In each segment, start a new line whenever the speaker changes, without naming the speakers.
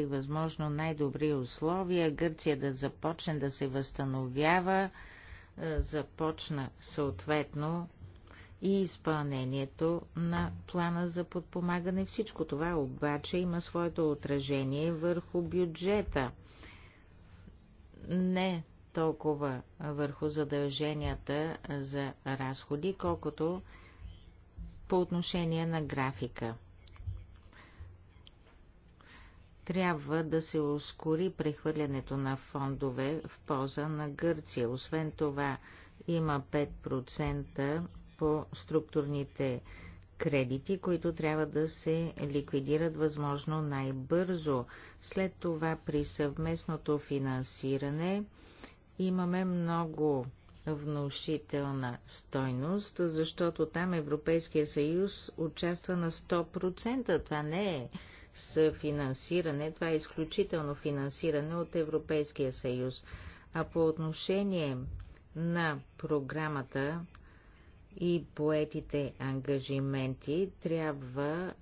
И възможно най-добри условия, Гърция да започне да се възстановява, е, започна съответно и изпълнението на плана за подпомагане. Всичко това обаче има своето отражение върху бюджета. Не толкова върху задълженията за разходи, колкото по отношение на графика трябва да се ускори прехвърлянето на фондове в полза на Гърция. Освен това има 5% по структурните кредити, които трябва да се ликвидират възможно най-бързо. След това при съвместното финансиране имаме много внушителна стойност, защото там Европейския съюз участва на 100%. Това не е с финансиране. Това е изключително финансиране от Европейския съюз. А по отношение на програмата и поетите ангажименти трябва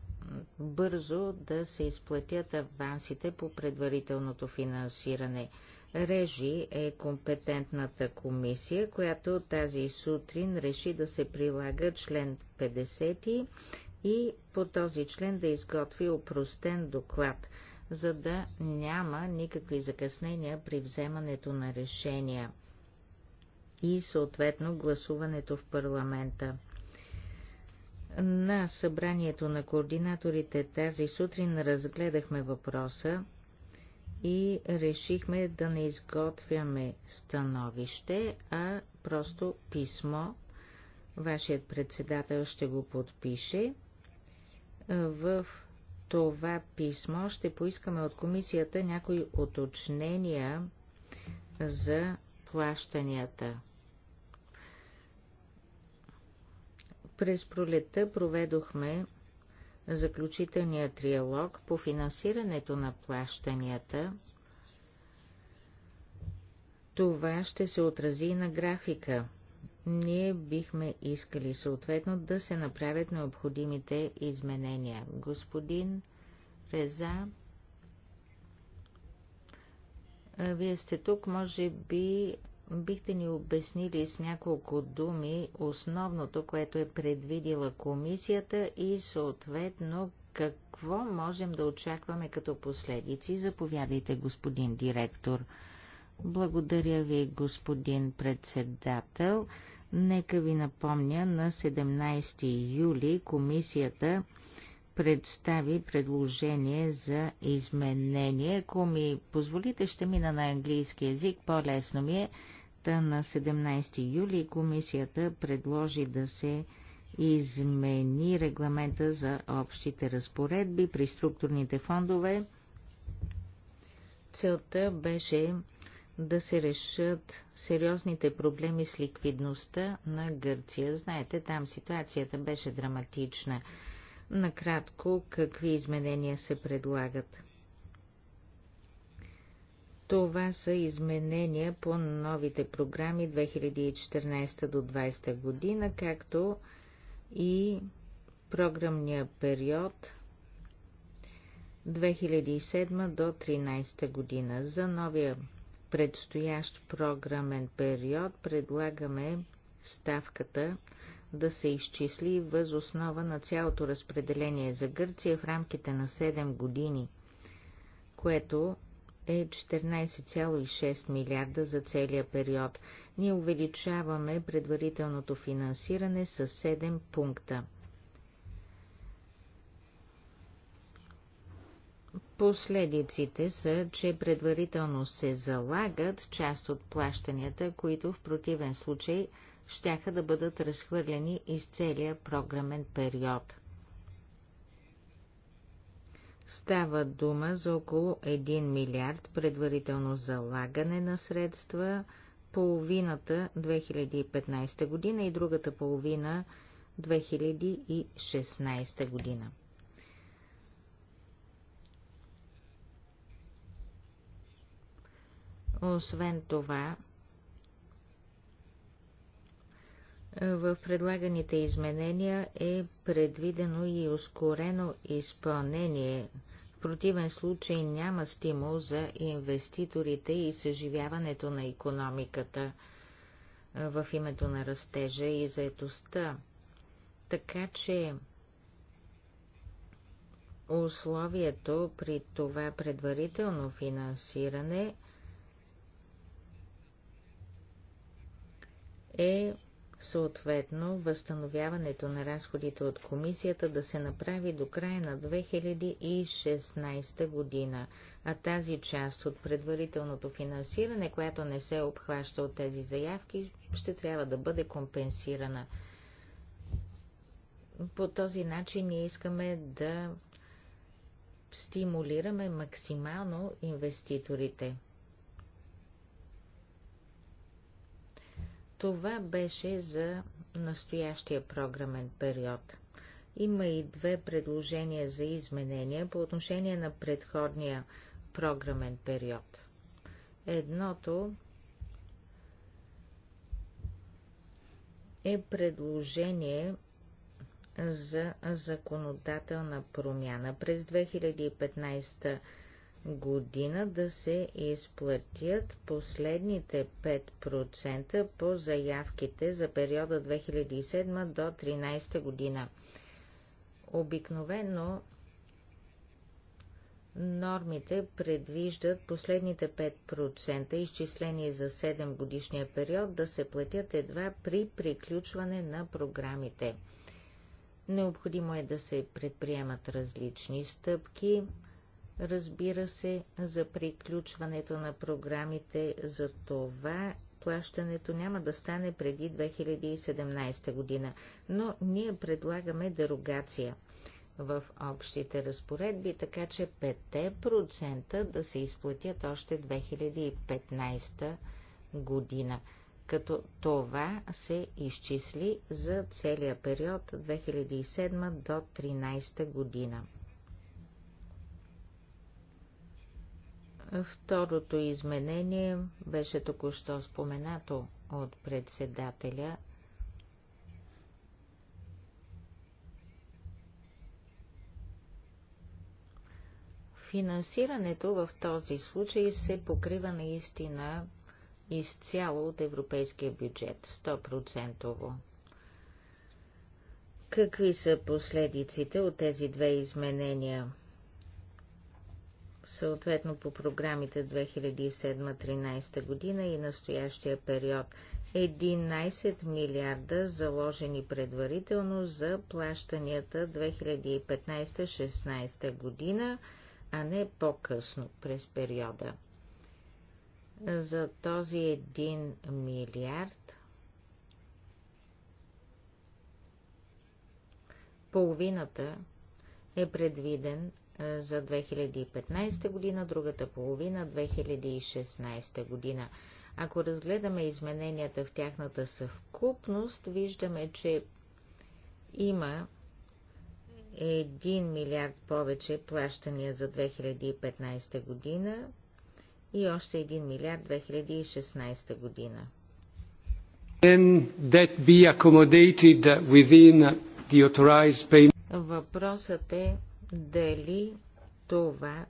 бързо да се изплатят авансите по предварителното финансиране. Режи е компетентната комисия, която тази сутрин реши да се прилага член 50 и по този член да изготви опростен доклад, за да няма никакви закъснения при вземането на решения и съответно гласуването в парламента. На събранието на координаторите тази сутрин разгледахме въпроса и решихме да не изготвяме становище, а просто писмо. Вашият председател ще го подпише в това писмо ще поискаме от комисията някои уточнения за плащанията. През пролета проведохме заключителния триалог по финансирането на плащанията. Това ще се отрази и на графика ние бихме искали съответно да се направят необходимите изменения. Господин Реза, вие сте тук, може би бихте ни обяснили с няколко думи основното, което е предвидила комисията и съответно какво можем да очакваме като последици. Заповядайте, господин директор. Благодаря ви, господин председател. Нека ви напомня, на 17 юли комисията представи предложение за изменение. Ако ми позволите, ще мина на английски язик, по-лесно ми е. Та на 17 юли комисията предложи да се измени регламента за общите разпоредби при структурните фондове. Целта беше да се решат сериозните проблеми с ликвидността на Гърция. Знаете, там ситуацията беше драматична. Накратко, какви изменения се предлагат? Това са изменения по новите програми 2014 до 2020 година, както и програмния период 2007 до 2013 година. За новия предстоящ програмен период предлагаме ставката да се изчисли въз основа на цялото разпределение за Гърция в рамките на 7 години, което е 14,6 милиарда за целия период. Ние увеличаваме предварителното финансиране с 7 пункта. Последиците са, че предварително се залагат част от плащанията, които в противен случай щяха да бъдат разхвърлени из целия програмен период. Става дума за около 1 милиард предварително залагане на средства, половината 2015 година и другата половина 2016 година. Освен това, в предлаганите изменения е предвидено и ускорено изпълнение. В противен случай няма стимул за инвеститорите и съживяването на економиката в името на растежа и заетостта. Така че условието при това предварително финансиране – е съответно възстановяването на разходите от комисията да се направи до края на 2016 година, а тази част от предварителното финансиране, която не се обхваща от тези заявки, ще трябва да бъде компенсирана. По този начин ние искаме да стимулираме максимално инвеститорите. Това беше за настоящия програмен период. Има и две предложения за изменения по отношение на предходния програмен период. Едното е предложение за законодателна промяна през 2015 година да се изплатят последните 5% по заявките за периода 2007 до 2013 година. Обикновено нормите предвиждат последните 5% изчислени за 7 годишния период да се платят едва при приключване на програмите. Необходимо е да се предприемат различни стъпки, разбира се, за приключването на програмите за това плащането няма да стане преди 2017 година, но ние предлагаме дерогация в общите разпоредби, така че 5% да се изплатят още 2015 година, като това се изчисли за целия период 2007 до 2013 година. Второто изменение беше току-що споменато от председателя. Финансирането в този случай се покрива наистина изцяло от европейския бюджет, 100%. Какви са последиците от тези две изменения? съответно по програмите 2007-13 година и настоящия период. 11 милиарда заложени предварително за плащанията 2015-16 година, а не по-късно през периода. За този 1 милиард половината е предвиден за 2015 година, другата половина 2016 година. Ако разгледаме измененията в тяхната съвкупност, виждаме, че има 1 милиард повече плащания за 2015 година и още 1 милиард 2016 година. Въпросът е дали това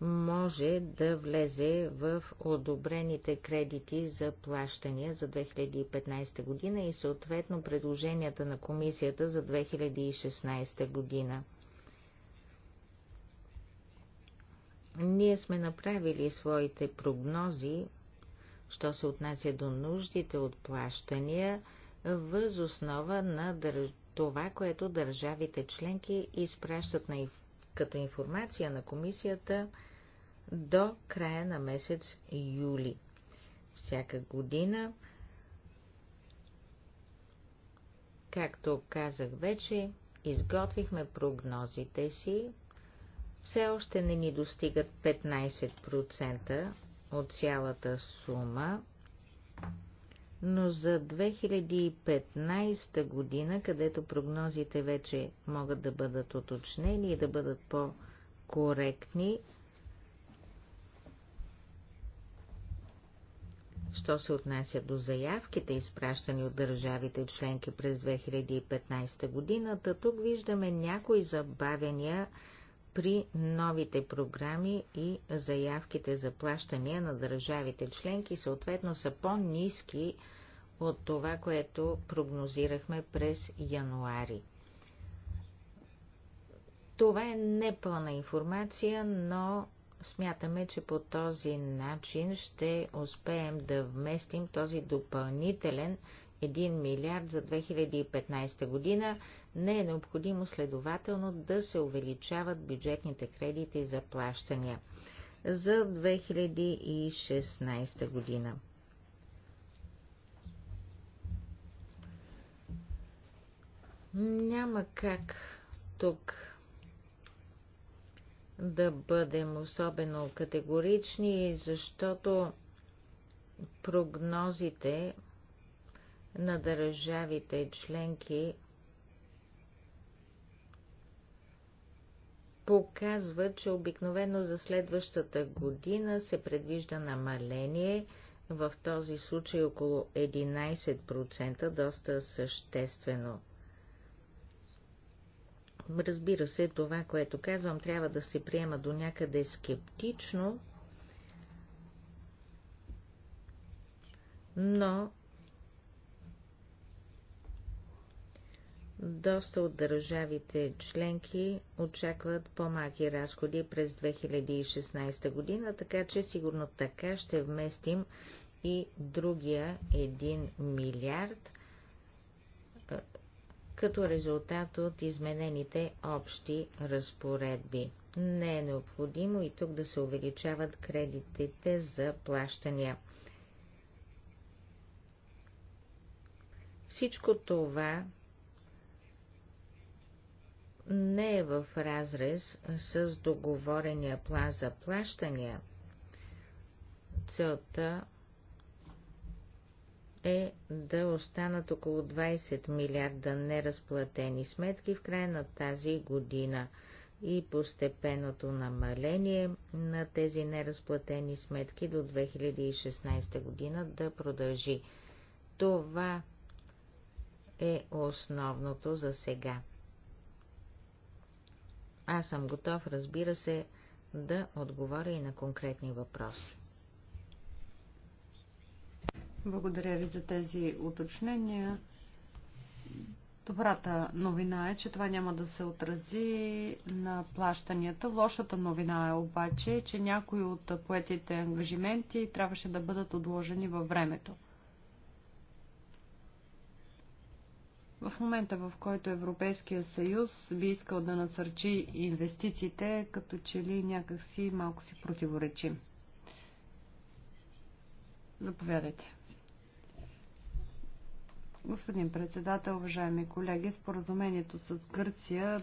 може да влезе в одобрените кредити за плащания за 2015 година и съответно предложенията на комисията за 2016 година. Ние сме направили своите прогнози, що се отнася до нуждите от плащания, възоснова основа на дър това, което държавите членки изпращат на, като информация на комисията до края на месец юли. Всяка година, както казах вече, изготвихме прогнозите си. Все още не ни достигат 15% от цялата сума, но за 2015 година, където прогнозите вече могат да бъдат уточнени и да бъдат по-коректни, що се отнася до заявките, изпращани от държавите членки през 2015 година, тук виждаме някои забавяния при новите програми и заявките за плащания на държавите членки съответно са по-низки от това, което прогнозирахме през януари. Това е непълна информация, но смятаме, че по този начин ще успеем да вместим този допълнителен 1 милиард за 2015 година, не е необходимо следователно да се увеличават бюджетните кредити за плащания за 2016 година. Няма как тук да бъдем особено категорични, защото прогнозите на държавите членки показва, че обикновено за следващата година се предвижда намаление, в този случай около 11%, доста съществено. Разбира се, това, което казвам, трябва да се приема до някъде скептично, но Доста от държавите членки очакват по-малки разходи през 2016 година, така че сигурно така ще вместим и другия 1 милиард като резултат от изменените общи разпоредби. Не е необходимо и тук да се увеличават кредитите за плащания. Всичко това не е в разрез с договорения план за плащания. Целта е да останат около 20 милиарда неразплатени сметки в края на тази година и постепенното намаление на тези неразплатени сметки до 2016 година да продължи. Това е основното за сега. Аз съм готов, разбира се, да отговоря и на конкретни въпроси.
Благодаря ви за тези уточнения. Добрата новина е, че това няма да се отрази на плащанията. Лошата новина е обаче, че някои от поетите ангажименти трябваше да бъдат отложени във времето. В момента, в който Европейския съюз би искал да насърчи инвестициите, като че ли някакси малко си противоречим. Заповядайте. Господин председател, уважаеми колеги, споразумението с Гърция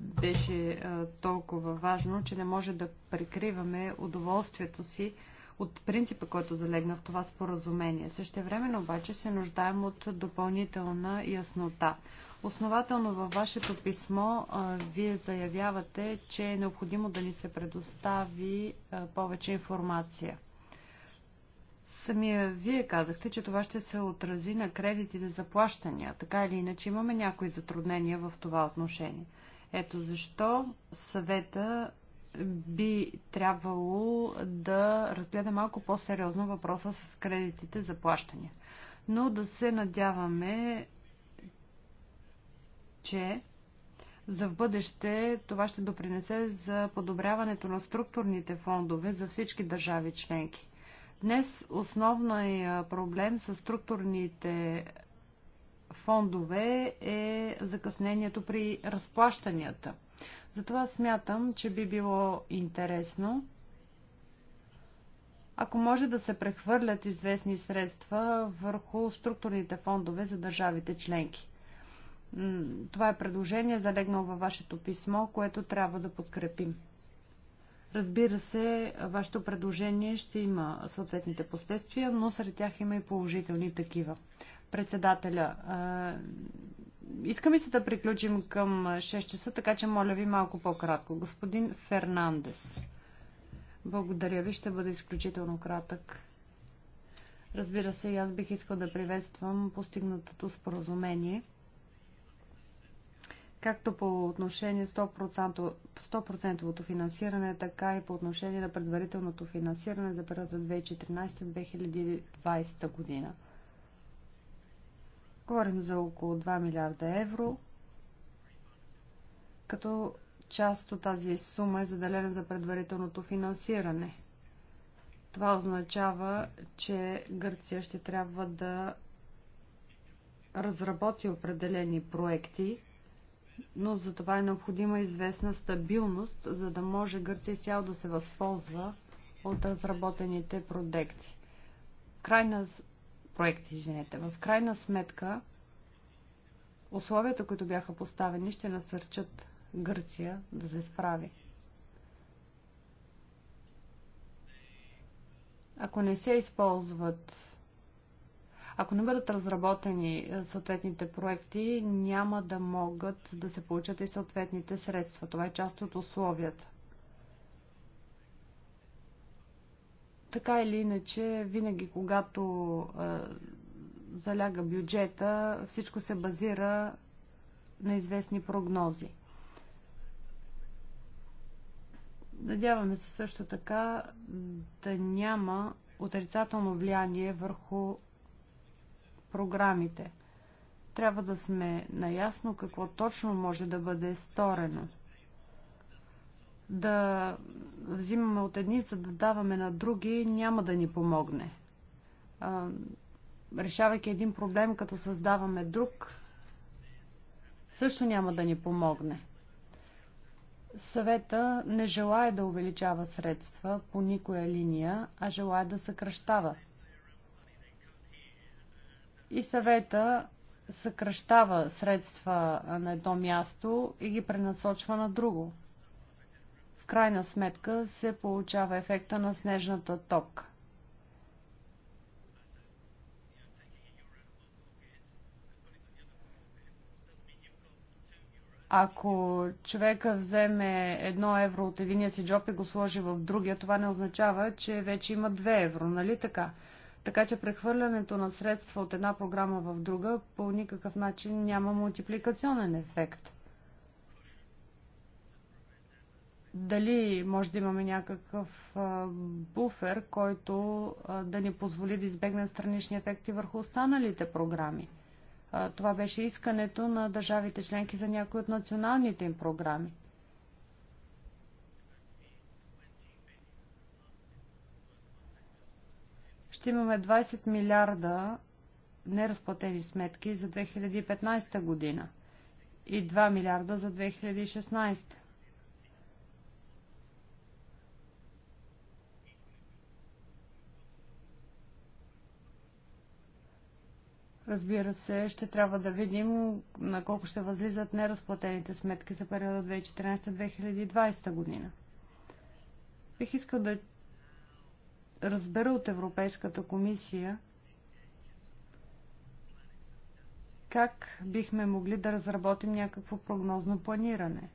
беше толкова важно, че не може да прикриваме удоволствието си от принципа, който залегна в това споразумение. Същевременно обаче се нуждаем от допълнителна яснота. Основателно във вашето писмо а, вие заявявате, че е необходимо да ни се предостави а, повече информация. Самия вие казахте, че това ще се отрази на кредитите за плащания. Така или иначе имаме някои затруднения в това отношение. Ето защо съвета би трябвало да разгледа малко по-сериозно въпроса с кредитите за плащания. Но да се надяваме, че за в бъдеще това ще допринесе за подобряването на структурните фондове за всички държави членки. Днес основният е, проблем с структурните фондове е закъснението при разплащанията – затова смятам, че би било интересно, ако може да се прехвърлят известни средства върху структурните фондове за държавите членки. Това е предложение, залегнало във вашето писмо, което трябва да подкрепим. Разбира се, вашето предложение ще има съответните последствия, но сред тях има и положителни такива. Председателя, Искаме се да приключим към 6 часа, така че моля ви малко по-кратко. Господин Фернандес. Благодаря ви, ще бъда изключително кратък. Разбира се, и аз бих искал да приветствам постигнатото споразумение. Както по отношение 100%, 100% финансиране, така и по отношение на предварителното финансиране за периода 2014-2020 година. Говорим за около 2 милиарда евро, като част от тази сума е заделена за предварителното финансиране. Това означава, че Гърция ще трябва да разработи определени проекти, но за това е необходима известна стабилност, за да може Гърция изцяло да се възползва от разработените проекти. Крайна проекти, извинете. В крайна сметка, условията, които бяха поставени, ще насърчат Гърция да се справи. Ако не се използват ако не бъдат разработени е, съответните проекти, няма да могат да се получат и съответните средства. Това е част от условията. така или иначе, винаги когато а, заляга бюджета, всичко се базира на известни прогнози. Надяваме се също така да няма отрицателно влияние върху програмите. Трябва да сме наясно какво точно може да бъде сторено да взимаме от едни, за да даваме на други, няма да ни помогне. Решавайки един проблем, като създаваме друг, също няма да ни помогне. Съвета не желая да увеличава средства по никоя линия, а желая да съкръщава. И съвета съкръщава средства на едно място и ги пренасочва на друго крайна сметка се получава ефекта на снежната топка. Ако човека вземе едно евро от единия си джоб и го сложи в другия, това не означава, че вече има 2 евро, нали така? Така че прехвърлянето на средства от една програма в друга по никакъв начин няма мултипликационен ефект. дали може да имаме някакъв буфер, който да ни позволи да избегнем странични ефекти върху останалите програми. Това беше искането на държавите членки за някои от националните им програми. Ще имаме 20 милиарда неразплатени сметки за 2015 година и 2 милиарда за 2016. Разбира се, ще трябва да видим на колко ще възлизат неразплатените сметки за периода 2014-2020 година. Бих искал да разбера от Европейската комисия как бихме могли да разработим някакво прогнозно планиране.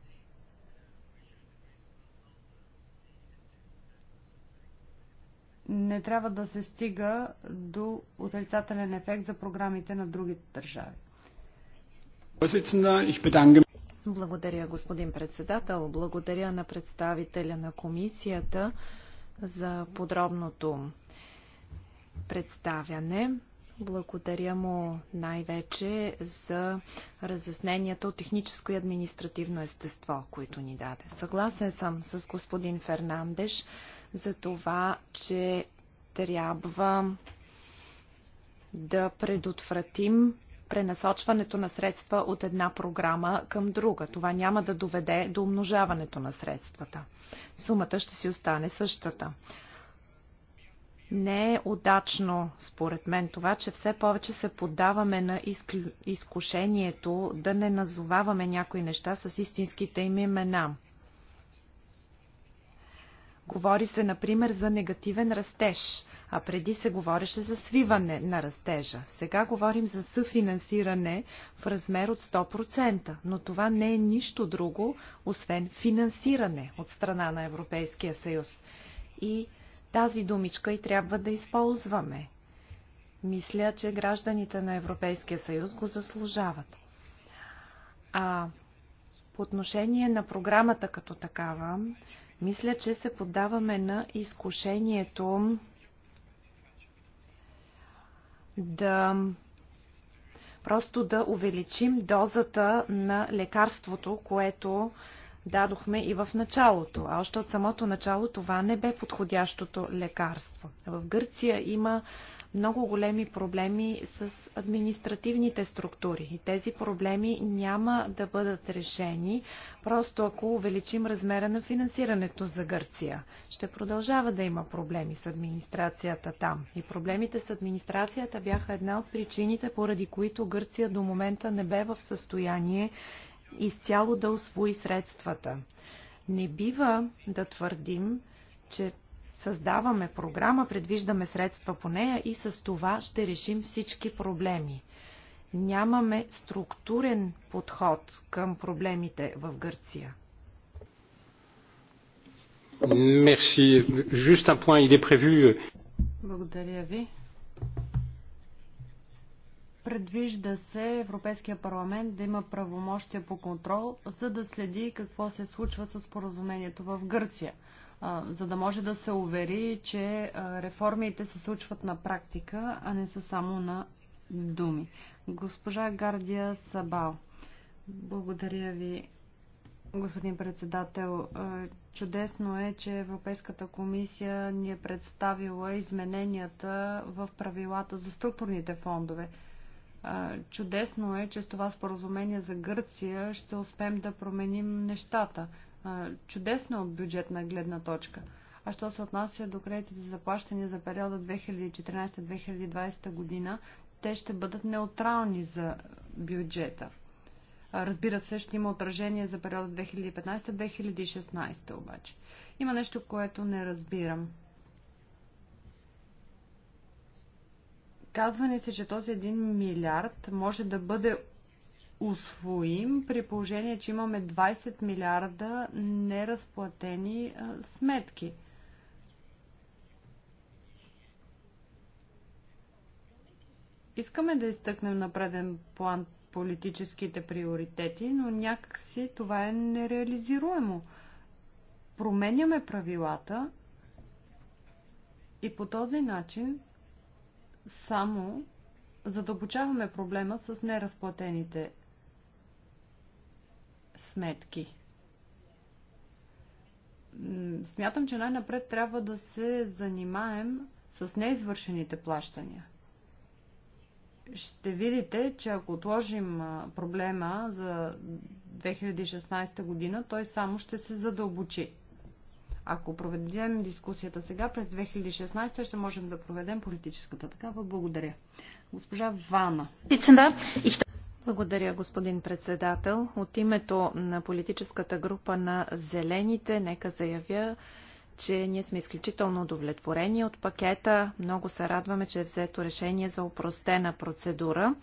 не трябва да се стига до отрицателен ефект за програмите на другите държави. Благодаря, господин председател. Благодаря на представителя на
комисията за подробното представяне. Благодаря му най-вече за разясненията от техническо и административно естество, които ни даде. Съгласен съм с господин Фернандеш за това, че трябва да предотвратим пренасочването на средства от една програма към друга. Това няма да доведе до умножаването на средствата. Сумата ще си остане същата. Не е удачно, според мен, това, че все повече се поддаваме на изкушението да не назоваваме някои неща с истинските им имена. Говори се, например, за негативен растеж, а преди се говореше за свиване на растежа. Сега говорим за съфинансиране в размер от 100%, но това не е нищо друго, освен финансиране от страна на Европейския съюз. И тази думичка и трябва да използваме. Мисля, че гражданите на Европейския съюз го заслужават. А по отношение на програмата като такава, мисля, че се поддаваме на изкушението да просто да увеличим дозата на лекарството, което дадохме и в началото. А още от самото начало това не бе подходящото лекарство. В Гърция има много големи проблеми с административните структури. И тези проблеми няма да бъдат решени, просто ако увеличим размера на финансирането за Гърция. Ще продължава да има проблеми с администрацията там. И проблемите с администрацията бяха една от причините, поради които Гърция до момента не бе в състояние изцяло да освои средствата. Не бива да твърдим, че Създаваме програма, предвиждаме средства по нея и с това ще решим всички проблеми. Нямаме структурен подход към проблемите в Гърция.
Merci. Juste un point, il est prévu.
Благодаря ви. Предвижда се Европейския парламент да има правомощия по контрол, за да следи какво се случва с поразумението в Гърция за да може да се увери, че реформите се случват на практика, а не са само на думи. Госпожа Гардия Сабал, благодаря ви, господин председател. Чудесно е, че Европейската комисия ни е представила измененията в правилата за структурните фондове. Чудесно е, че с това споразумение за Гърция ще успеем да променим нещата чудесно от бюджетна гледна точка. А що се отнася до кредитите за плащане за периода 2014-2020 година, те ще бъдат неутрални за бюджета. Разбира се, ще има отражение за периода 2015-2016 обаче. Има нещо, което не разбирам. Казва ни се, че този 1 милиард може да бъде усвоим, при положение, че имаме 20 милиарда неразплатени а, сметки. Искаме да изтъкнем на преден план политическите приоритети, но някакси това е нереализируемо. Променяме правилата и по този начин само задълбочаваме проблема с неразплатените сметки. Смятам, че най-напред трябва да се занимаем с неизвършените плащания. Ще видите, че ако отложим проблема за 2016 година, той само ще се задълбочи. Ако проведем дискусията сега, през 2016 ще можем да проведем политическата такава. Благодаря. Госпожа Вана. Благодаря, господин председател.
От името на политическата група на Зелените, нека заявя, че ние сме изключително удовлетворени от пакета. Много се радваме, че е взето решение за упростена процедура.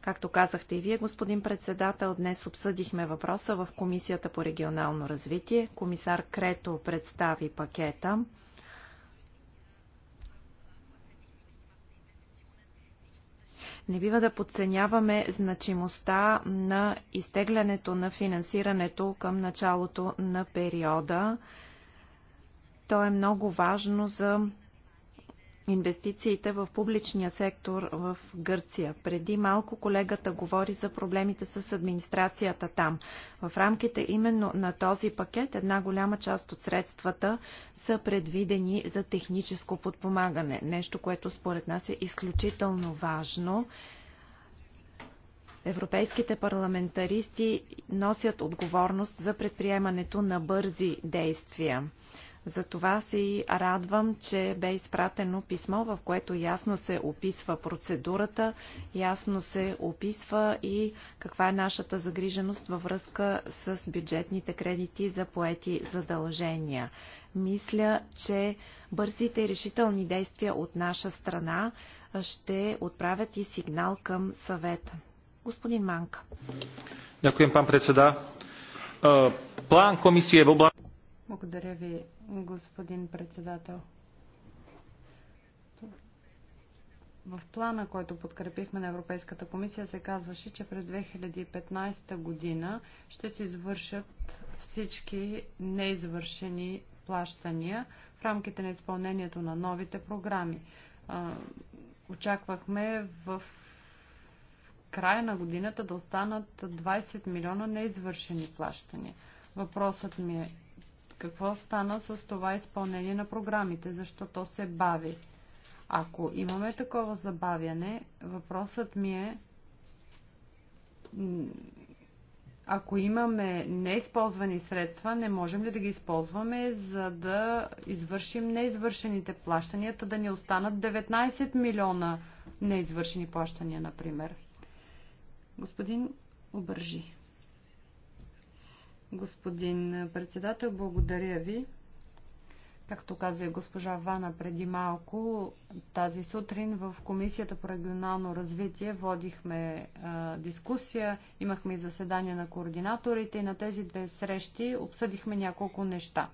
Както казахте и вие, господин председател, днес обсъдихме въпроса в Комисията по регионално развитие. Комисар Крето представи пакета. Не бива да подценяваме значимостта на изтеглянето на финансирането към началото на периода. То е много важно за инвестициите в публичния сектор в Гърция. Преди малко колегата говори за проблемите с администрацията там. В рамките именно на този пакет една голяма част от средствата са предвидени за техническо подпомагане. Нещо, което според нас е изключително важно европейските парламентаристи носят отговорност за предприемането на бързи действия. Затова се и радвам, че бе изпратено писмо, в което ясно се описва процедурата, ясно се описва и каква е нашата загриженост във връзка с бюджетните кредити за поети задължения. Мисля, че бързите и решителни действия от наша страна ще отправят и сигнал към съвета. Господин Манка.
Дякуем, пан председа. План комисия е в област...
Благодаря ви, господин председател. В плана, който подкрепихме на Европейската комисия, се казваше, че през 2015 година ще се извършат всички неизвършени плащания в рамките на изпълнението на новите програми. Очаквахме в края на годината да останат 20 милиона неизвършени плащания. Въпросът ми е какво стана с това изпълнение на програмите? Защо то се бави? Ако имаме такова забавяне, въпросът ми е ако имаме неизползвани средства, не можем ли да ги използваме, за да извършим неизвършените плащанията, да ни останат 19 милиона неизвършени плащания, например? Господин Обържи. Господин председател, благодаря ви. Както каза и госпожа Вана преди малко, тази сутрин в Комисията по регионално развитие водихме а, дискусия, имахме и заседание на координаторите и на тези две срещи обсъдихме няколко неща.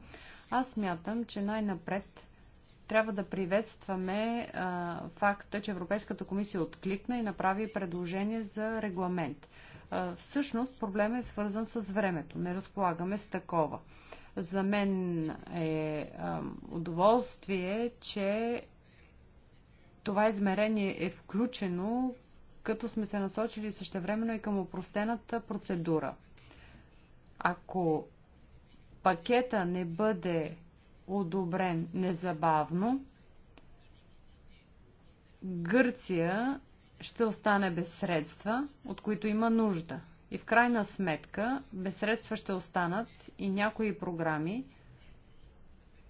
Аз мятам, че най-напред трябва да приветстваме а, факта, че Европейската комисия откликна и направи предложение за регламент. Всъщност проблемът е свързан с времето. Не разполагаме с такова. За мен е удоволствие, че това измерение е включено, като сме се насочили същевременно и към опростената процедура. Ако пакета не бъде одобрен незабавно, Гърция ще остане без средства, от които има нужда. И в крайна сметка, без средства ще останат и някои програми,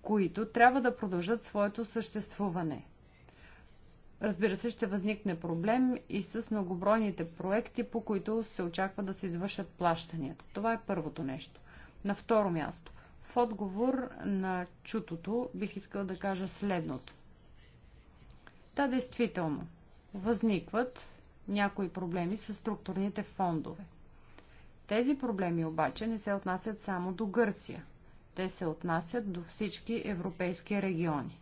които трябва да продължат своето съществуване. Разбира се, ще възникне проблем и с многобройните проекти, по които се очаква да се извършат плащанията. Това е първото нещо. На второ място. В отговор на чутото бих искал да кажа следното. Да, действително възникват някои проблеми с структурните фондове. Тези проблеми обаче не се отнасят само до Гърция. Те се отнасят до всички европейски региони.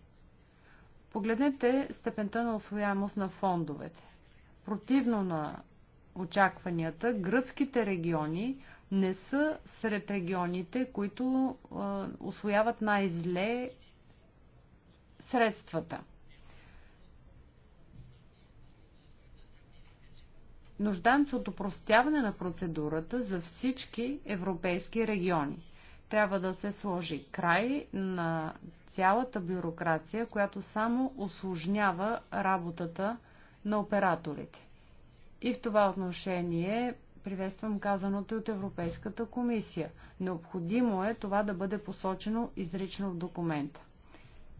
Погледнете степента на освояемост на фондовете. Противно на очакванията, гръцките региони не са сред регионите, които освояват най-зле средствата. Нуждаем се от упростяване на процедурата за всички европейски региони. Трябва да се сложи край на цялата бюрокрация, която само осложнява работата на операторите. И в това отношение приветствам казаното и от Европейската комисия. Необходимо е това да бъде посочено изрично в документа.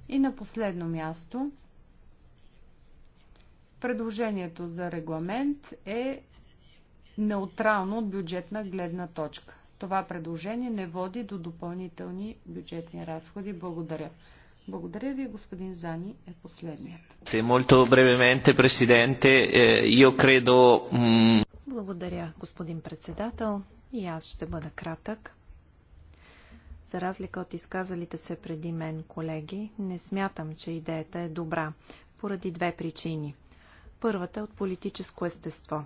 И на последно място, Предложението за регламент е неутрално от бюджетна гледна точка. Това предложение не води до допълнителни бюджетни разходи. Благодаря. Благодаря ви, господин Зани е последният.
Molto brevemente, presidente, е, io credo... Благодаря, господин председател. И аз ще бъда кратък. За разлика от изказалите се преди мен колеги, не смятам, че идеята е добра, поради две причини. Първата е от политическо естество.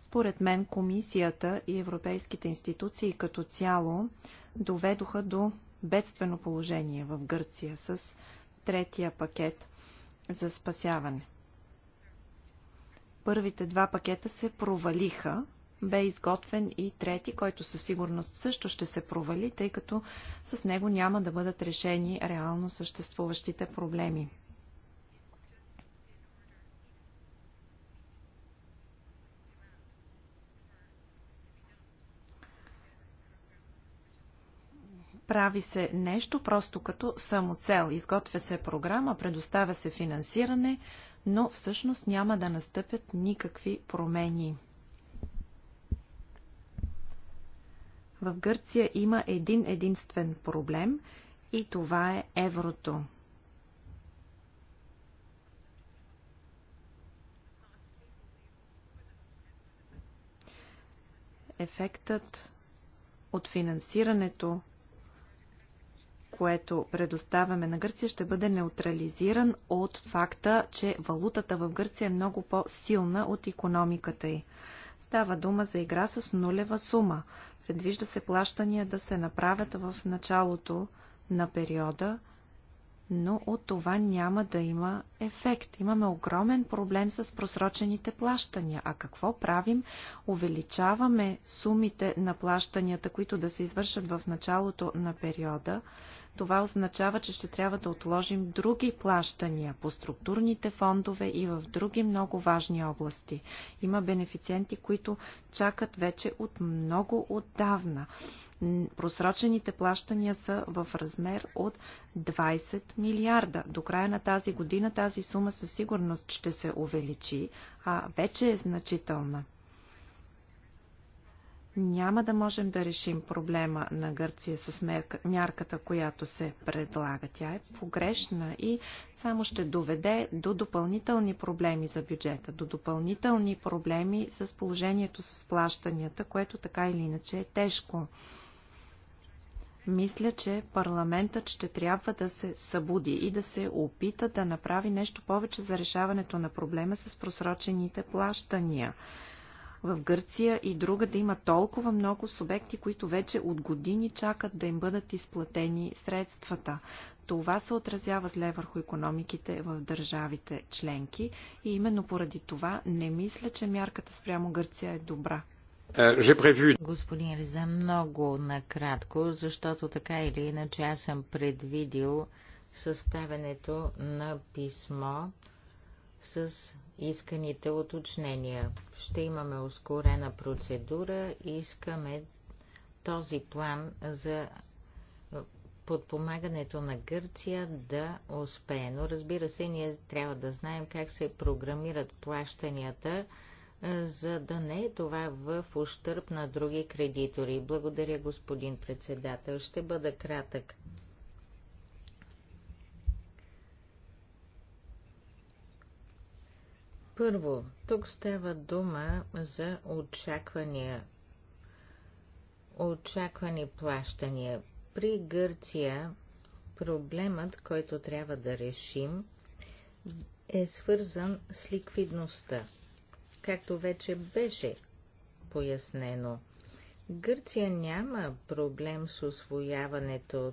Според мен комисията и европейските институции като цяло доведоха до бедствено положение в Гърция с третия пакет за спасяване. Първите два пакета се провалиха. Бе изготвен и трети, който със сигурност също ще се провали, тъй като с него няма да бъдат решени реално съществуващите проблеми. Прави се нещо просто като самоцел. Изготвя се програма, предоставя се финансиране, но всъщност няма да настъпят никакви промени. В Гърция има един единствен проблем и това е еврото. Ефектът от финансирането което предоставяме на Гърция, ще бъде неутрализиран от факта, че валутата в Гърция е много по-силна от економиката й. Става дума за игра с нулева сума. Предвижда се плащания да се направят в началото на периода, но от това няма да има ефект. Имаме огромен проблем с просрочените плащания. А какво правим? Увеличаваме сумите на плащанията, които да се извършат в началото на периода, това означава, че ще трябва да отложим други плащания по структурните фондове и в други много важни области. Има бенефициенти, които чакат вече от много отдавна. Просрочените плащания са в размер от 20 милиарда. До края на тази година тази сума със сигурност ще се увеличи, а вече е значителна няма да можем да решим проблема на Гърция с мярката, която се предлага. Тя е погрешна и само ще доведе до допълнителни проблеми за бюджета, до допълнителни проблеми с положението с плащанията, което така или иначе е тежко. Мисля, че парламентът ще трябва да се събуди и да се опита да направи нещо повече за решаването на проблема с просрочените плащания в Гърция и друга да има толкова много субекти, които вече от години чакат да им бъдат изплатени средствата. Това се отразява зле върху економиките в държавите членки и именно поради това не мисля, че мярката спрямо Гърция е добра. Е,
Господин Риза, много накратко, защото така или иначе аз съм предвидил съставянето на писмо с исканите уточнения. Ще имаме ускорена процедура. и Искаме този план за подпомагането на Гърция да успее. Но разбира се, ние трябва да знаем как се програмират плащанията, за да не е това в ущърп на други кредитори. Благодаря, господин председател. Ще бъда кратък. Първо, тук става дума за очаквания. Очаквани плащания. При Гърция проблемът, който трябва да решим, е свързан с ликвидността, както вече беше пояснено. Гърция няма проблем с освояването.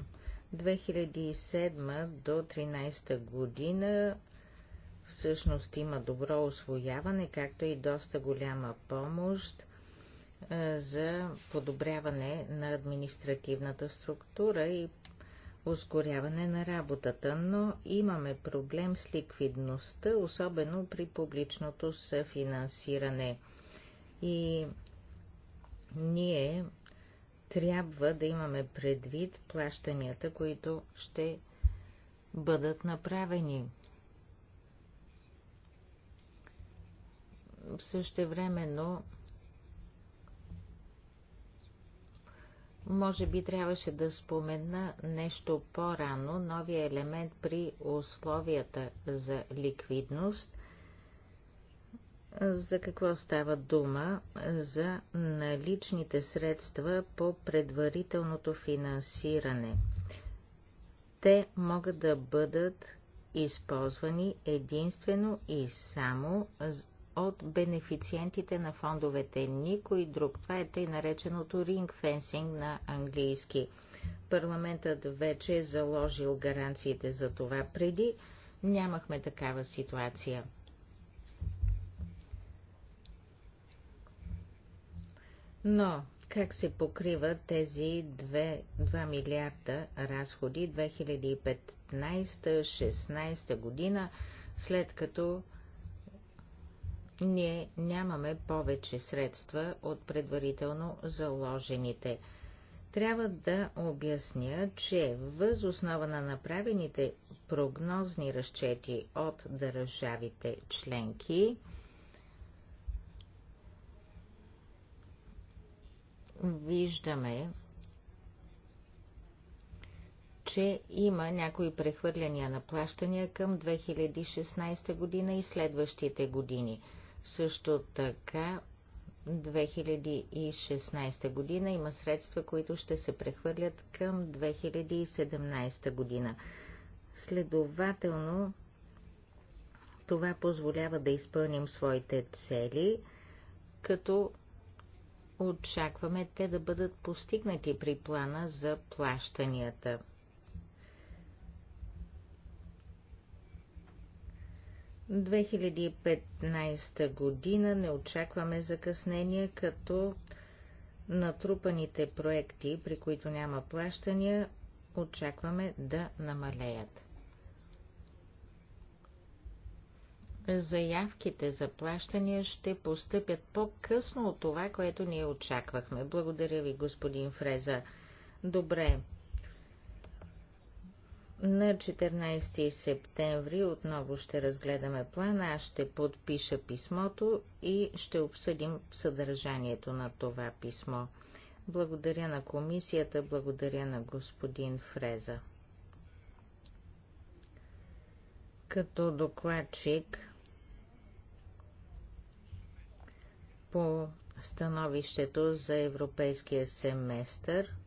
2007 до 2013 година Всъщност има добро освояване, както и доста голяма помощ е, за подобряване на административната структура и ускоряване на работата, но имаме проблем с ликвидността, особено при публичното съфинансиране. И ние трябва да имаме предвид плащанията, които ще бъдат направени. но може би трябваше да спомена нещо по-рано, новия елемент при условията за ликвидност. За какво става дума? За наличните средства по предварителното финансиране. Те могат да бъдат използвани единствено и само от бенефициентите на фондовете. Никой друг. Това е тъй нареченото ринг фенсинг на английски. Парламентът вече е заложил гаранциите за това. Преди нямахме такава ситуация. Но как се покриват тези 2, 2 милиарда разходи 2015-16 година, след като ние нямаме повече средства от предварително заложените. Трябва да обясня, че въз основа на направените прогнозни разчети от държавите членки, виждаме, че има някои прехвърляния на плащания към 2016 година и следващите години – също така 2016 година има средства, които ще се прехвърлят към 2017 година. Следователно, това позволява да изпълним своите цели, като очакваме те да бъдат постигнати при плана за плащанията. 2015 година не очакваме закъснения, като натрупаните проекти, при които няма плащания, очакваме да намалеят. Заявките за плащания ще постъпят по-късно от това, което ние очаквахме. Благодаря ви, господин Фреза. Добре, на 14 септември отново ще разгледаме плана, аз ще подпиша писмото и ще обсъдим съдържанието на това писмо. Благодаря на комисията, благодаря на господин Фреза. Като докладчик по становището за европейския семестър –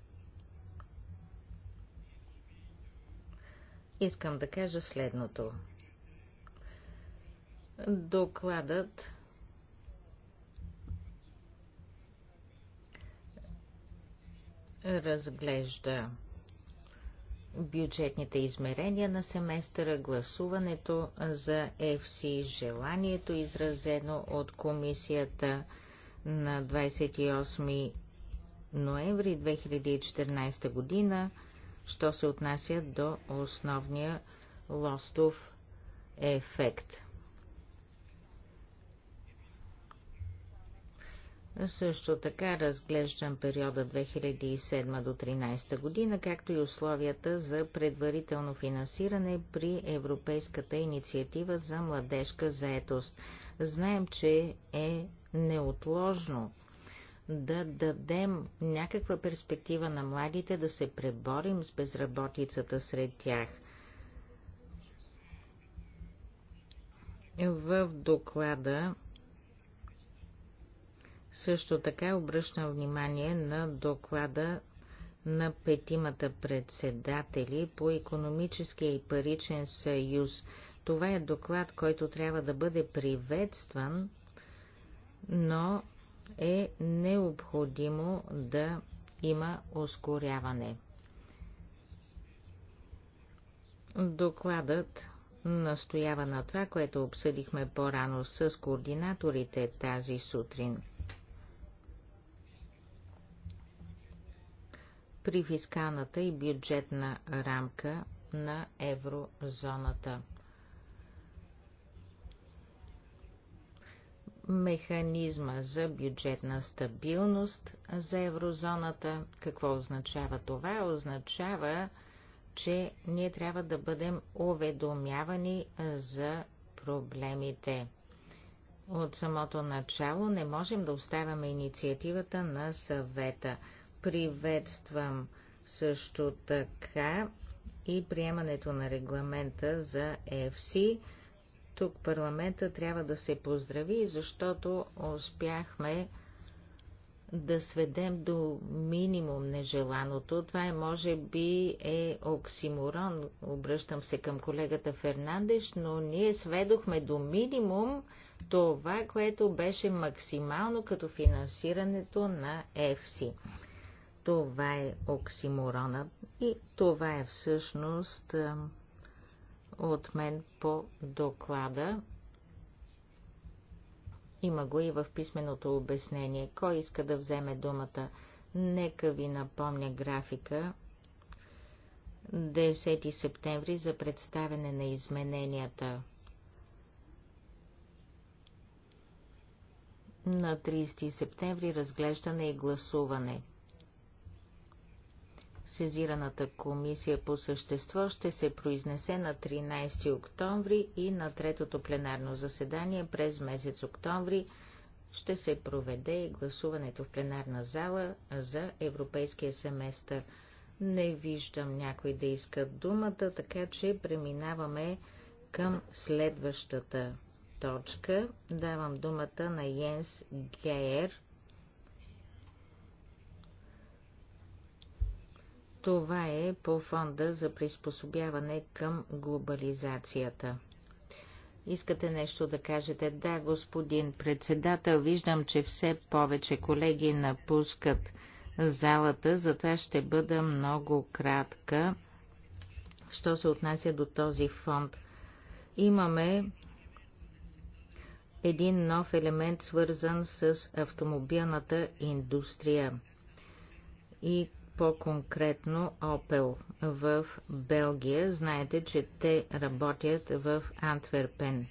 искам да кажа следното. Докладът разглежда бюджетните измерения на семестъра, гласуването за ЕФСИ, желанието изразено от комисията на 28 ноември 2014 година, що се отнася до основния лостов ефект. Също така разглеждам периода 2007 до 2013 година, както и условията за предварително финансиране при Европейската инициатива за младежка заетост. Знаем, че е неотложно да дадем някаква перспектива на младите да се преборим с безработицата сред тях. В доклада също така обръщам внимание на доклада на петимата председатели по економическия и паричен съюз. Това е доклад, който трябва да бъде приветстван, но е необходимо да има ускоряване. Докладът настоява на това, което обсъдихме по-рано с координаторите тази сутрин. При фискалната и бюджетна рамка на еврозоната. механизма за бюджетна стабилност за еврозоната. Какво означава това? Означава, че ние трябва да бъдем уведомявани за проблемите. От самото начало не можем да оставяме инициативата на съвета. Приветствам също така и приемането на регламента за ЕФСИ. Тук парламента трябва да се поздрави, защото успяхме да сведем до минимум нежеланото. Това е, може би е оксиморон. Обръщам се към колегата Фернандеш, но ние сведохме до минимум това, което беше максимално като финансирането на ЕФСИ. Това е оксиморонът и това е всъщност от мен по доклада. Има го и в писменото обяснение. Кой иска да вземе думата? Нека ви напомня графика. 10 септември за представяне на измененията. На 30 септември разглеждане и гласуване. Сезираната комисия по същество ще се произнесе на 13 октомври и на третото пленарно заседание през месец октомври ще се проведе гласуването в пленарна зала за европейския семестър. Не виждам някой да иска думата, така че преминаваме към следващата точка. Давам думата на Йенс Гейер, Това е по фонда за приспособяване към глобализацията. Искате нещо да кажете? Да, господин председател, виждам, че все повече колеги напускат залата, затова ще бъда много кратка. Що се отнася до този фонд? Имаме един нов елемент, свързан с автомобилната индустрия. И по-конкретно Опел в Белгия. Знаете, че те работят в Антверпен.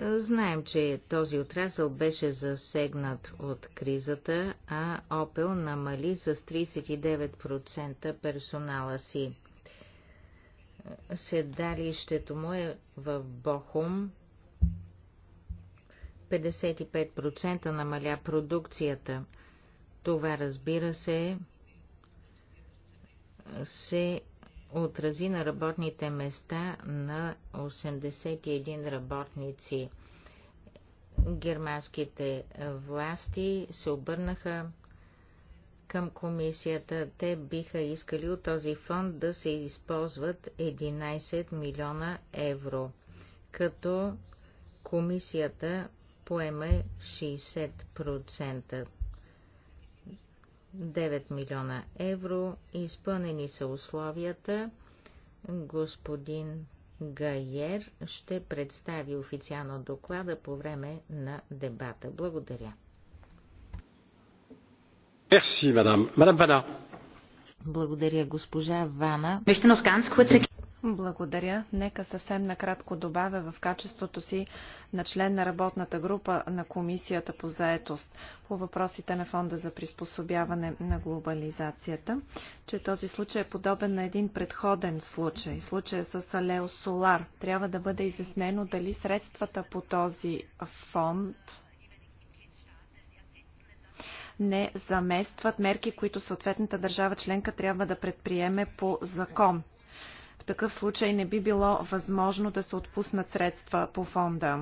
Знаем, че този отрасъл беше засегнат от кризата, а Опел намали с 39% персонала си. Седалището му е в Бохум. 55% намаля продукцията. Това, разбира се, се отрази на работните места на 81 работници. Германските власти се обърнаха към комисията. Те биха искали от този фонд да се използват 11 милиона евро, като комисията поеме 60%. 9 милиона евро. Изпълнени са условията. Господин Гайер ще представи официално доклада по време на дебата. Благодаря. Merci, мадам. Мадам Вана. Благодаря, госпожа Вана.
Благодаря. Нека съвсем накратко добавя в качеството си на член на работната група на Комисията по заетост по въпросите на Фонда за приспособяване на глобализацията, че този случай е подобен на един предходен случай. Случая е с Алео Солар. Трябва да бъде изяснено дали средствата по този фонд не заместват мерки, които съответната държава членка трябва да предприеме по закон. В такъв случай не би било възможно да се отпуснат средства по фонда.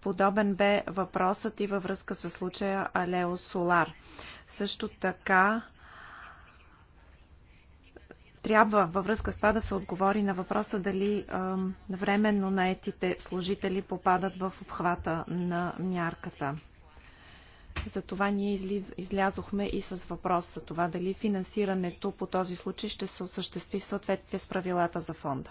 Подобен бе въпросът и във връзка с случая Алео Солар. Също така трябва във връзка с това да се отговори на въпроса дали временно наетите служители попадат в обхвата на мярката. За това ние излиз, излязохме и с въпрос за това дали финансирането
по този случай ще се осъществи в съответствие с правилата за фонда.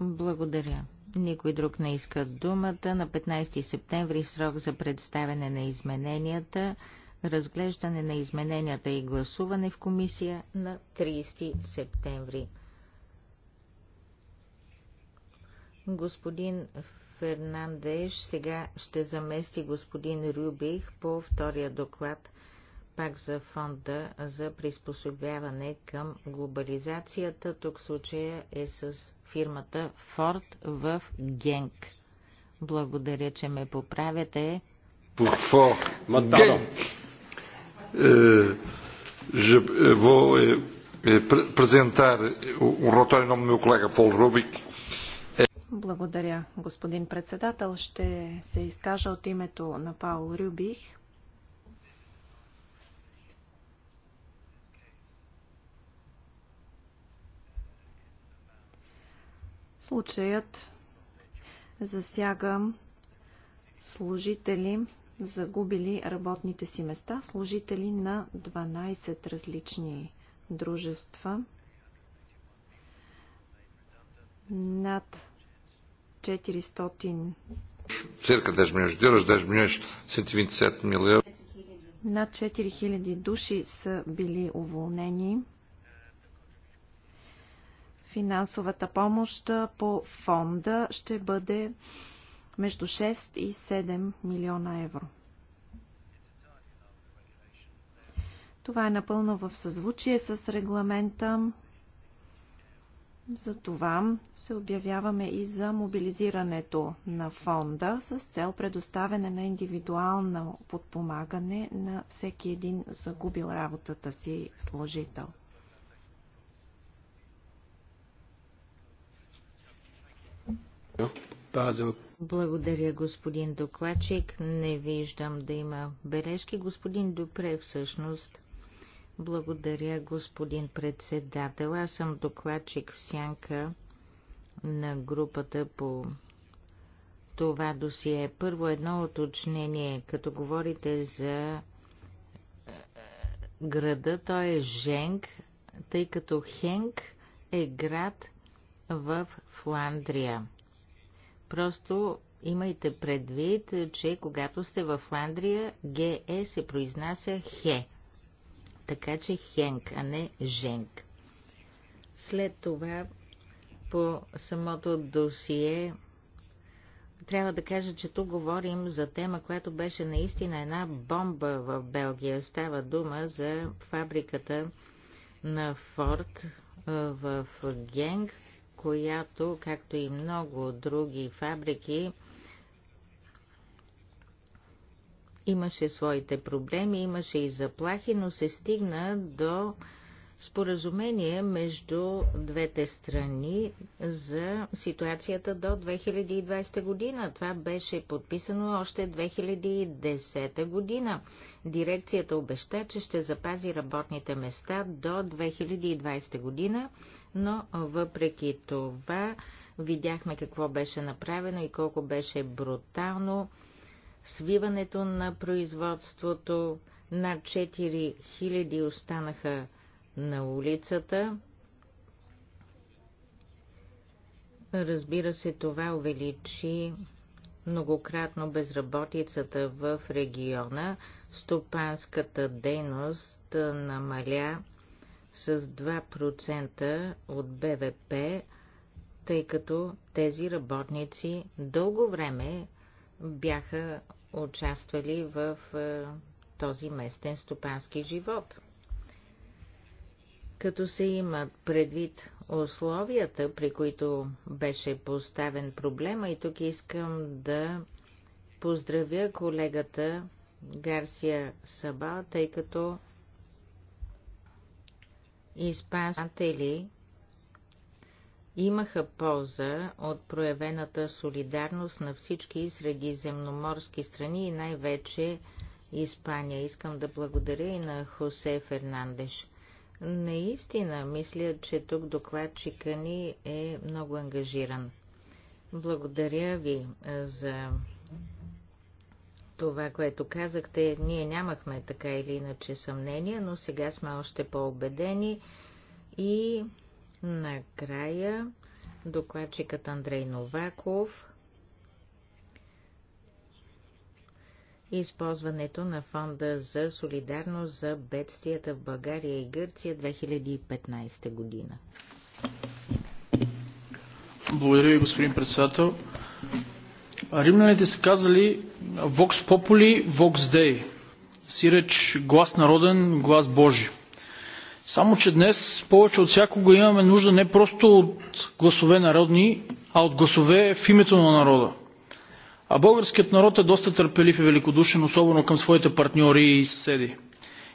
Благодаря. Никой друг не иска думата. На 15 септември срок за представяне на измененията, разглеждане на измененията и гласуване в комисия на 30 септември. Господин Фернандеш сега ще замести господин Рюбих по втория доклад пак за фонда за приспособяване към глобализацията. Тук случая е с фирмата Форд в Генк. Благодаря, че ме поправяте. Е,
je vou
apresentar o relatório em nome do meu colega Paulo благодаря, господин председател. Ще се изкажа от името на Паул Рюбих. Случаят засяга служители, загубили работните си места, служители на 12 различни дружества. Над 400 Circa 10 milhões de 10 e e Над 4000 души са били уволнени. Финансовата помощ по фонда ще бъде между 6 и 7 милиона евро. Това е напълно в съзвучие с регламента. Затова се обявяваме и за мобилизирането на фонда с цел предоставяне на индивидуално подпомагане на всеки един загубил работата си служител.
Благодаря, господин докладчик. Не виждам да има бележки. Господин Дупре всъщност благодаря, господин председател. Аз съм докладчик в сянка на групата по това досие. Първо едно уточнение. Като говорите за е, града, той е Женг, тъй като Хенг е град в Фландрия. Просто имайте предвид, че когато сте в Фландрия, ГЕ се произнася ХЕ така че Хенк, а не Женк. След това по самото досие трябва да кажа, че тук говорим за тема, която беше наистина една бомба в Белгия. Става дума за фабриката на Форд в Генг, която, както и много други фабрики, Имаше своите проблеми, имаше и заплахи, но се стигна до споразумение между двете страни за ситуацията до 2020 година. Това беше подписано още 2010 година. Дирекцията обеща, че ще запази работните места до 2020 година, но въпреки това видяхме какво беше направено и колко беше брутално свиването на производството. Над 4000 останаха на улицата. Разбира се, това увеличи многократно безработицата в региона. Стопанската дейност намаля с 2% от БВП, тъй като тези работници дълго време бяха участвали в е, този местен стопански живот. Като се имат предвид условията, при които беше поставен проблема, и тук искам да поздравя колегата Гарсия Саба, тъй като изпасатели имаха полза от проявената солидарност на всички средиземноморски страни и най-вече Испания. Искам да благодаря и на Хосе Фернандеш. Наистина, мисля, че тук докладчика ни е много ангажиран. Благодаря ви за това, което казахте. Ние нямахме така или иначе съмнение, но сега сме още по-убедени и Накрая докладчикът Андрей Новаков използването на фонда за солидарност за бедствията в България и Гърция 2015 година.
Благодаря ви, господин председател. Римляните са казали Vox Populi, Vox Dei. Сиреч глас народен, глас Божи. Само, че днес повече от всякога имаме нужда не просто от гласове народни, а от гласове в името на народа. А българският народ е доста търпелив и великодушен, особено към своите партньори и съседи.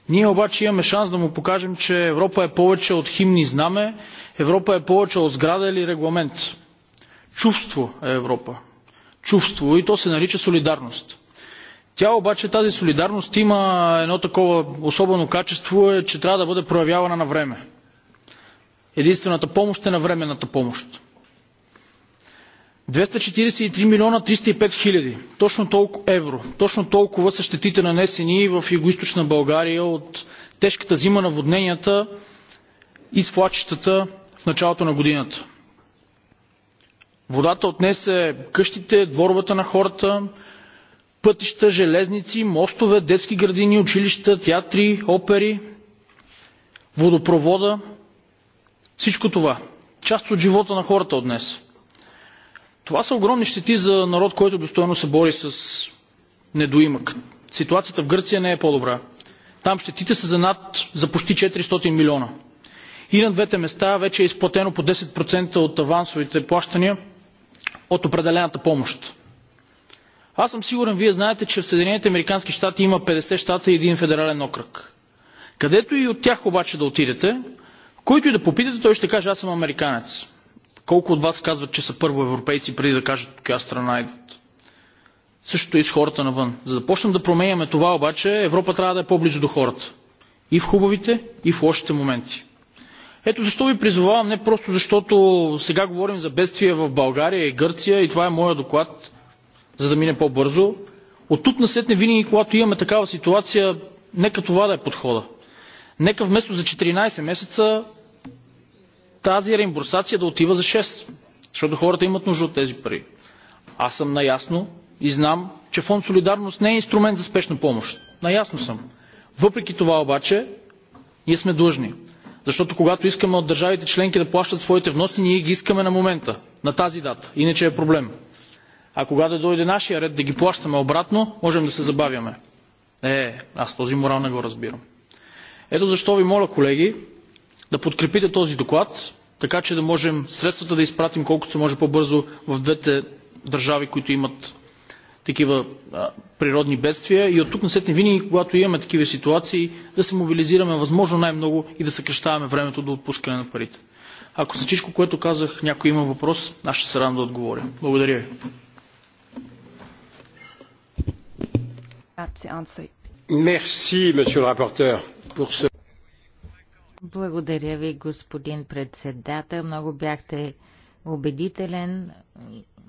Ние обаче имаме шанс да му покажем, че Европа е повече от химни знаме, Европа е повече от сграда или регламент. Чувство е Европа. Чувство и то се нарича солидарност. Тя обаче тази солидарност има едно такова особено качество, е, че трябва да бъде проявявана на време. Единствената помощ е на временната помощ. 243 милиона 305 хиляди точно толкова, евро. Точно толкова са щетите нанесени в Югоизточна България от тежката зима на водненията и свлачищата в началото на годината. Водата отнесе къщите, дворбата на хората, пътища, железници, мостове, детски градини, училища, театри, опери, водопровода. Всичко това. Част от живота на хората от днес. Това са огромни щети за народ, който достойно се бори с недоимък. Ситуацията в Гърция не е по-добра. Там щетите са за, над, за почти 400 милиона. И на двете места вече е изплатено по 10% от авансовите плащания от определената помощ. Аз съм сигурен, вие знаете, че в Съединените американски щати има 50 щата и един федерален окръг. Където и от тях обаче да отидете, който и да попитате, той ще каже, аз съм американец. Колко от вас казват, че са първо европейци, преди да кажат от коя страна идват? Същото е и с хората навън. За да почнем да променяме това обаче, Европа трябва да е по-близо до хората. И в хубавите, и в лошите моменти. Ето защо ви призовавам, не просто защото сега говорим за бедствия в България и Гърция и това е моя доклад, за да мине по-бързо. От тук насетне винаги, когато имаме такава ситуация, нека това да е подхода. Нека вместо за 14 месеца тази реимбурсация да отива за 6, защото хората имат нужда от тези пари. Аз съм наясно и знам, че фонд Солидарност не е инструмент за спешна помощ. Наясно съм. Въпреки това обаче, ние сме длъжни. Защото когато искаме от държавите членки да плащат своите вноси, ние ги искаме на момента, на тази дата. Иначе е проблем а когато дойде нашия ред да ги плащаме обратно, можем да се забавяме. Е, аз този морал не го разбирам. Ето защо ви моля, колеги, да подкрепите този доклад, така че да можем средствата да изпратим колкото се може по-бързо в двете държави, които имат такива а, природни бедствия и от тук след винаги, когато имаме такива ситуации, да се мобилизираме възможно най-много и да съкрещаваме времето до отпускане на парите. Ако всичко, което казах, някой има въпрос, аз ще се радвам да отговоря. Благодаря ви.
Благодаря ви, господин председател. Много бяхте убедителен.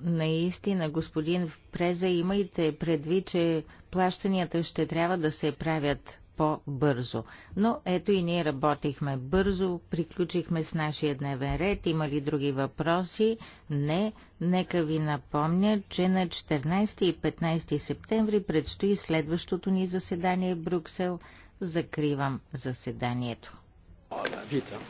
Наистина, господин Преза, имайте предвид, че плащанията ще трябва да се правят по-бързо. Но ето и ние работихме бързо, приключихме с нашия дневен ред. Има ли други въпроси? Не. Нека ви напомня, че на 14 и 15 септември предстои следващото ни заседание в Брюксел. Закривам заседанието. Hola,